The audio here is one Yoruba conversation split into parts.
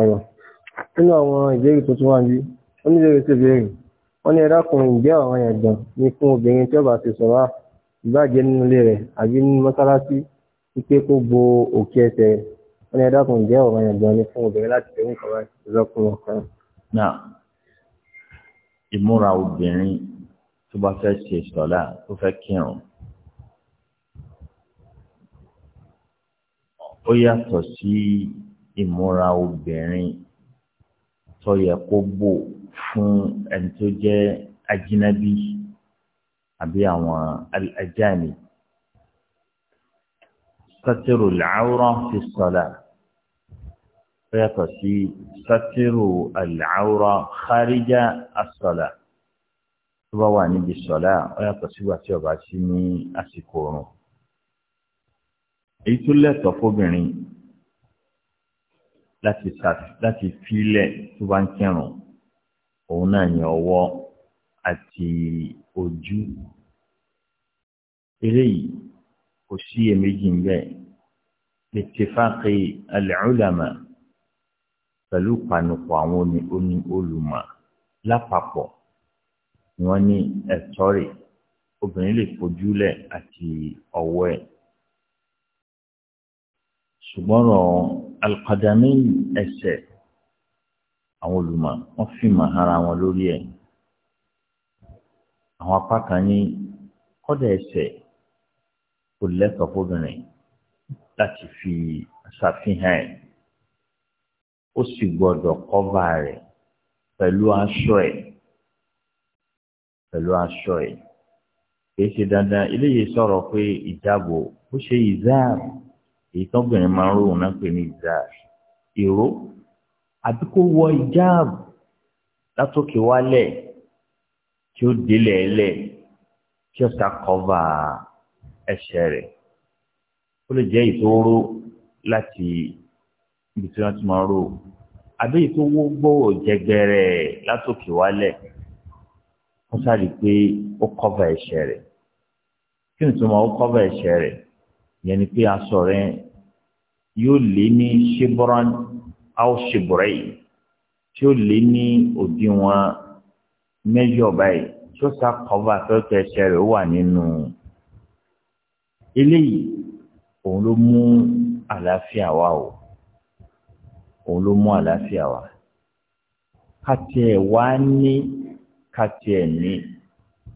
ọ̀yàn nínú àwọn ìbéèrè tó tún wá ń bí oníbèrè tó béèrè wọ́n ní ẹ dákun ǹjẹ́ àwọn ẹ̀gbọ́n ni fún obìnrin tí ó bá ti sọ̀rọ̀ ìbàjẹ́ nínú ilé rẹ̀ àbí nínú mọ́sálásí wípé kó bo òkè ẹsẹ̀ rẹ̀ wọ́n ní ẹ dákun ǹjẹ́ àwọn ẹ̀gbọ́n ni fún obìnrin láti fẹ́ nǹkan báyìí lọ́kùnrin ọ̀kan. náà ìmúra obìnrin tó bá fẹ́ ṣe sọ̀lá tó fẹ́ kírun ó yàtọ̀ sí ìmúra obìnrin tó yẹ kó bò fún ẹni tó jẹ́ ajínábí àbí àwọn ajáni. sátírù làárọ̀ fi sọ̀lá ó yàtọ̀ sí sátírù àlàárọ̀ kárìjà àsọ̀lá tó bá wà níbi sọ̀lá ó yàtọ̀ sígbà tí ó sí ní àsìkò oorun. èyí tó lẹ́tọ̀ọ́ fóbìnrin láti láti filẹ̀ tó bá ń kírun òun náà ní ọwọ́ àti ojú eléyìí kò sí èméjì ń bẹ lìtìfáàkì al-ulama pẹ̀lú panupọ̀ àwọn oní olùmọ̀ lápapọ̀ wọ́n ní ẹ̀tọ́ rẹ̀ obìnrin lè fojú àti ọwọ́ ẹ̀ ṣùgbọ́n rọ alùpàdánù ẹsẹ̀ àwọn olùmọ̀ wọ́n fi mọ̀ ara wọn lórí ẹ̀ àwọn apá kan ní kọ́dà ẹsẹ̀ kò lẹ́tọ̀ọ́ fóbìnrin láti fi ṣàfihàn ẹ̀ ó sì gbọ́dọ̀ kọ́va rẹ̀ pẹ̀lú aṣọ ẹ̀ pẹ̀lú aṣọ ẹ̀ kì í ṣe dandan eléyìí sọ̀rọ̀ pé ìjábò ó ṣe ìzáàrù èyí tọ́gbìnrin máa ń ròhùn náà pè ní ìzáàr ìró àbí kó wọ ìjáàbù látòkè wálẹ̀ tí ó délẹ̀ ẹlẹ̀ tí ó ta kọ́va ẹsẹ̀ rẹ̀ ó lè jẹ́ ìtòró láti ibi tí wọ́n ti máa ń rò àbí ìtòwó gbòòrò jẹgbẹrẹ látòkè wálẹ̀ ó sáré pé ó kọ́va ẹsẹ̀ rẹ̀ kí ni tó máa ó kọ́va ẹsẹ̀ rẹ̀ yẹn ni pé aṣọ rẹ̀ yóò lé ní ṣíbọ́rán áó ṣíbọ́rẹ́ yìí tí ó lé ní òdiwọ̀n mẹ́jọ báyìí tí ó sá kọ́va fẹ́ẹ́fẹ́ ẹsẹ̀ rẹ̀ wà nínú eléyìí òun ló mú àlàáfíà wá o òun ló mú àlàáfíà wá kàtí ẹ̀ wá ní kàtí ẹ̀ ní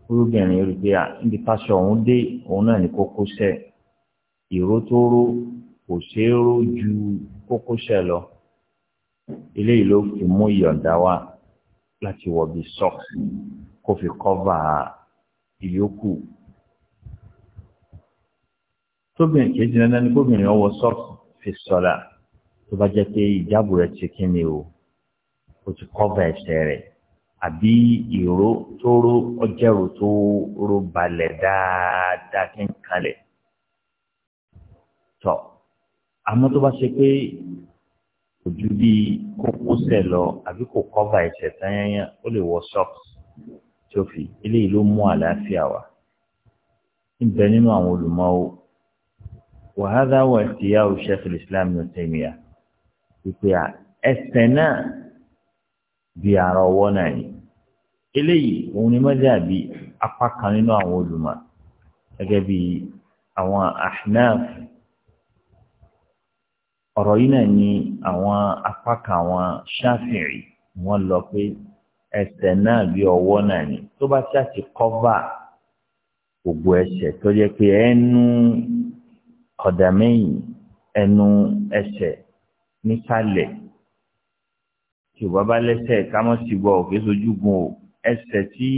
olóbìnrin rí pé à níbi pásọ òun dé òun náà ní kókó sẹ́ ìró tó ró kò ṣeé ró ju kókósẹ̀ lọ eléyìí ló fi mú ìyọ̀ǹda wá láti wọ̀ bí socks kó fi kọ́va ìyókù tóbìnrin kejì náà ní kóbìnrin ọwọ́ socks fi sọ̀la tó bá jẹ́ pé ìjábù rẹ̀ ti kí ni o ó ti kọ́va ẹsẹ̀ rẹ̀ àbí ìró tó ró ọjẹ́rò tó ró balẹ̀ dáadáa kí n kalẹ̀ tọ́. So, àmọ́ tó bá ṣe pé kò ju bí kókósẹ̀ lọ àbí kò kọ́va ẹ̀sẹ̀ tányányá ó lè wọ socks tí ó fi eléyìí ló mú àlàáfíà wá níbẹ nínú àwọn olùmọ̀wò wàhálà wà ìtìyà Sheikh al-Islam Ibn Taymiyyah wípé ẹsẹ̀ náà bí ara ọwọ́ náà ni eléyìí òun ni mọ́jà bí apá kan nínú àwọn olùmọ̀ gẹ́gẹ́ bí àwọn ahnaf ọ̀rọ̀ yìí náà ni àwọn apá kan àwọn ṣáfìrì wọ́n lọ pé ẹsẹ̀ náà bí ọwọ́ náà ni tó bá ṣáàtì kọ́fà gbogbo ẹsẹ̀ tó jẹ́ pé ẹnu kọ̀dàmẹ́yìn ẹnu ẹsẹ̀ nísàlẹ̀ tí ò bá bá lẹ́sẹ̀ kámọ́sí gbọ́ òkè sojúgun o ẹsẹ̀ tí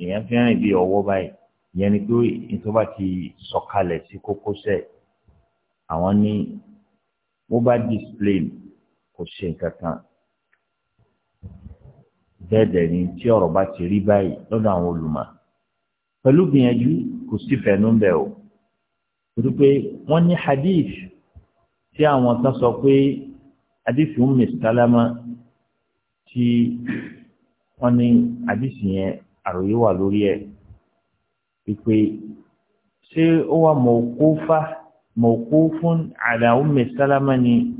èèyàn fi rìn bí ọwọ́ báyìí ìyẹn ni pé ìtọ́ba ti sọ̀kalẹ̀ sí kókósẹ̀ àwọn ní bó bá display kò ṣe nǹkan kan bẹ́ẹ̀ dẹ̀ ni tí ọ̀rọ̀ bá ti rí báyìí lọ́dọ̀ àwọn olùmọ̀ pẹ̀lú gbìyànjú kò sí fẹ̀nú bẹ̀ o torí pé wọ́n ní hadith tí àwọn kan sọ pé hadith Ummi Salama tí wọ́n ní hadith yẹn àròyé wà lórí ẹ̀ pípé ṣé ó wà mọ̀ kófà mawqufun ala ummi salama ni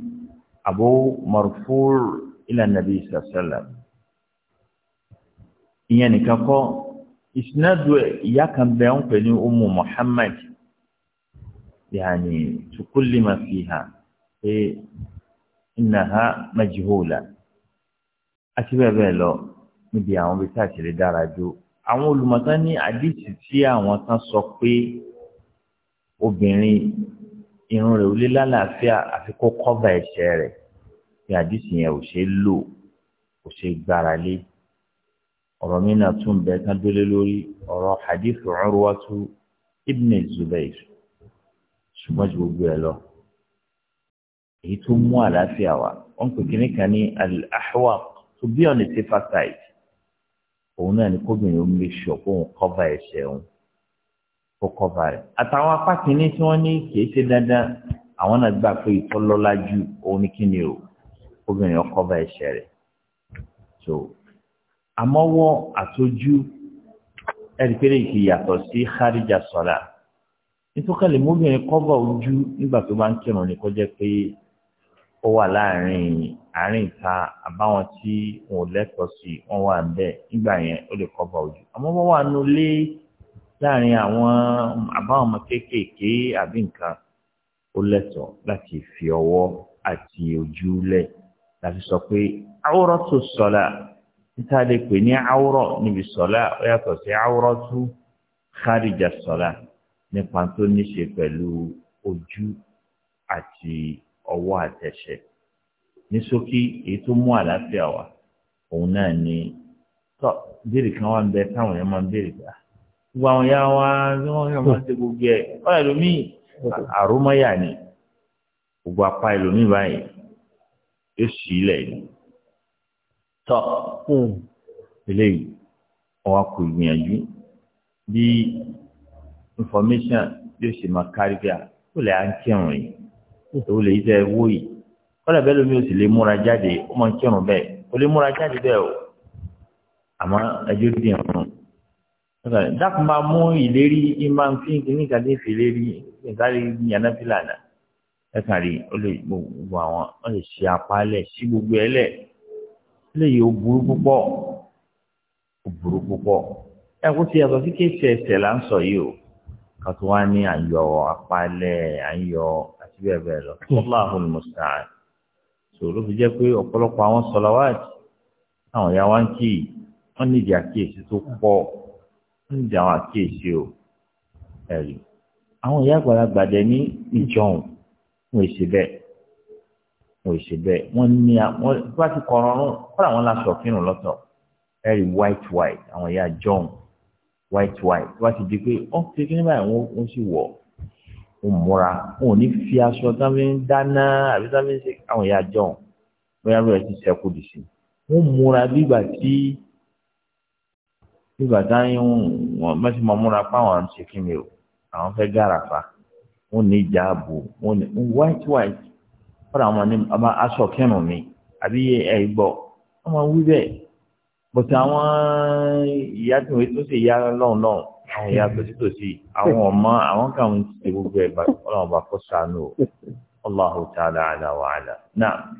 abu marfu' ila nabi sallam ìyẹn nìkan kọ́ ìsinadu ìyá kan bẹ ń pè ní umu muhammad yaani tukulli ma fiha pé innaha majhula àti bẹ́ẹ̀ bẹ́ẹ̀ lọ níbi àwọn bí tá a ṣe lè dára jù àwọn olùmọ̀tán ní àdìsí tí àwọn kan sọ pé obìnrin irun rẹ̀ ò lè lálàáfíà àfi kó kọ́va ẹ̀ṣẹ̀ rẹ̀ bí àdìsí yẹn ò ṣe é lò ò ṣe gbára lé ọ̀rọ̀ mi náà tún bẹ tán dólé lórí ọ̀rọ̀ hadith Urwatu ibn Zubair ṣùgbọ́n ju gbogbo ẹ̀ lọ èyí tó mú àlàáfíà wá wọn kò kíní kan ní al-ahwa to be on the òun náà ni kóbìnrin ó lè ṣọ kóun kọ́va ẹ̀ṣẹ̀ òun kó kọ́ba rẹ̀ àtàwọn apá kìíní tí wọ́n ní kìí ṣe dandan àwọn náà gbà pé ìtọ́lọ́lá ju òun ní kíni o obìnrin ọkọ́ba ẹ̀ṣẹ̀ rẹ̀ so àmọ́wọ́ àtọ́jú ẹ̀ríkẹ́rẹ́ ìkì yàtọ̀ sí kárìjà sọ̀la nítorí mọ́bìnrin kọ́ba ojú nígbà tó bá ń kírun ni kó jẹ́ pé ó wà láàrin àárín ìta àbáwọn tí wọn ò lẹ́tọ̀ọ́ sí wọn wà ń bẹ́ẹ̀ nígbà yẹn ó lè kọ́ba ojú àmọ́wọ́ wà nulẹ̀ láàrin àwọn àbáwọn ọmọ kéékèèké àbí nǹkan ó lẹ́tọ̀ọ́ láti fi ọwọ́ àti ojú lẹ̀ láti sọ pé àwòrán tó sọ̀la títa lè pè ní àwòrán níbi sọ̀la ó yàtọ̀ sí àwòrán tó kárìjà sọ̀la nípa tó ní ṣe pẹ̀lú ojú àti ọwọ́ àtẹ̀ṣẹ̀ ní ṣókí èyí tó mú àlàáfíà wá òun náà ni tọ́ béèrè kan wà ń bẹ táwọn èèyàn máa ń béèrè gbà gbogbo àwọn ya wa bí wọ́n yàn máa ń ṣe gbogbo ẹ̀ ọ̀rọ̀ ẹlòmíì àrómọ́yà ni gbogbo apá ẹlòmíì báyìí yóò sì ilẹ̀ ni tọ́ hmm. eléyìí wọ́n wá kó ìgbìyànjú bí information yóò ṣe máa kárí bí a ó lè à ń kírun yìí ó lè yíṣẹ́ wó yìí kọ́lá bẹ́ẹ̀ lómi ò sì lè múra jáde ó máa ń kírun bẹ́ẹ̀ ó lè múra jáde bẹ́ẹ̀ o àmọ́ ẹjọ́ dìrùn dákun máa mú ìlérí ìmá ń fi kíní kan ní ìfìlérí ìkárí yànnà fìlànà ẹ̀ka rí ó lè gbogbo àwọn ó lè ṣe apálẹ̀ sí gbogbo ẹ̀ lẹ̀ léyìí ó burú púpọ̀ ó burú púpọ̀ ẹ kó ti yàtọ̀ sí kéèsì ẹsẹ̀ là ń sọ yìí o kàtó wá ní àyọ apálẹ̀ àyọ àti bẹ́ẹ̀ bẹ́ẹ̀ lọ Allahu musta'an sòrò fi jẹ́ pé ọ̀pọ̀lọpọ̀ àwọn sọ̀làwáàtì àwọn ìyá wọ́n ń jẹ àwọn àkíyèsí o ẹ̀rí àwọn ìyá àgbàlagbà dẹ ní ìjọhùn wọn èsì bẹ́ẹ̀ wọn èsì bẹ́ẹ̀ wọn ní àwọn bá ti kọ ọrọrùn kọ́ra wọn la sọ fírun lọ́tọ̀ ẹ̀rí white white àwọn ìyá john white white wọ́n ti di pé ọ́ ṣe kí ní báyìí wọ́n sì wọ̀ wọ́n múra wọn ò ní fi aṣọ táwọn ń dáná àbí táwọn ń ṣe àwọn ìyá john bóyá lóye ti ṣẹ́kù dì sí wọ́n múra bí ìgbà tí nígbà táyé wọn mọ́tí mọ́ múra páwọn ń ṣe kíni o àwọn fẹ́ gàràfà wọn ní ìjáàbò wọn ní white white fọdà wọn ní aṣọ kírun mi àbí ẹ gbọ́ wọn máa wí bẹ́ẹ̀ bọ̀tà àwọn ìyá tí wọ́n tó ṣe ìyá lọ́hùn lọ́hùn àwọn ìyá tòṣítòṣì àwọn ọmọ àwọn kan ń ṣe gbogbo ẹ̀ bá ọlọ́run bá kọ́ sànú o Allahu ta'ala ala wa ala náà.